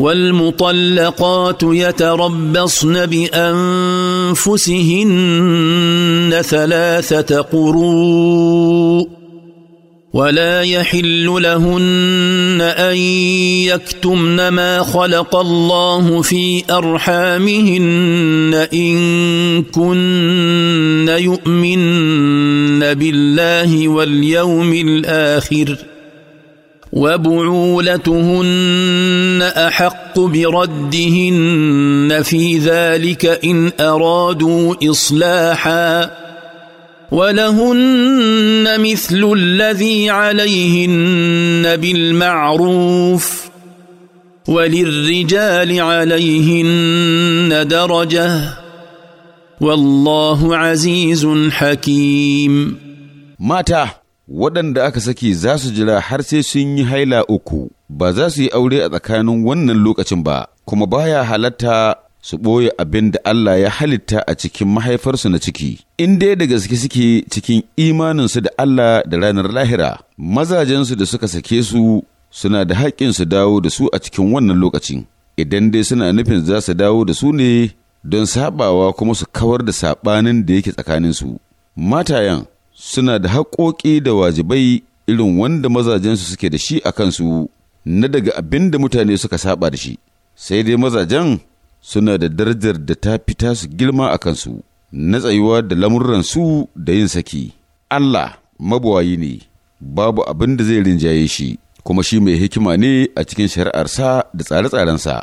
والمطلقات يتربصن بانفسهن ثلاثه قروء ولا يحل لهن ان يكتمن ما خلق الله في ارحامهن ان كن يؤمن بالله واليوم الاخر وبعولتهن احق بردهن في ذلك ان ارادوا اصلاحا ولهن مثل الذي عليهن بالمعروف وللرجال عليهن درجه والله عزيز حكيم متى waɗanda aka saki za su jira har sai sun yi haila uku ba za su yi aure a tsakanin wannan lokacin ba kuma baya halatta su ɓoye abin da Allah ya halitta a cikin mahaifarsu na ciki in dai da gaske suke cikin imaninsu da Allah da ranar lahira mazajensu da suka sake su suna da haƙƙin su dawo da su a cikin wannan lokacin idan dai suna nufin za su dawo da su ne don sabawa kuma su kawar da saɓanin da yake tsakaninsu matayan suna da haƙoƙi da wajibai irin wanda mazajensu suke da shi a kansu na daga abin da mutane suka saba da shi, sai dai mazajen suna da darajar da ta fita su girma a kansu, na tsayuwa da lamurransu da yin saki. Allah mabawayi ne, babu abin da zai rinjaye shi, kuma shi mai hikima ne a cikin shari'arsa da tsare-tsarensa.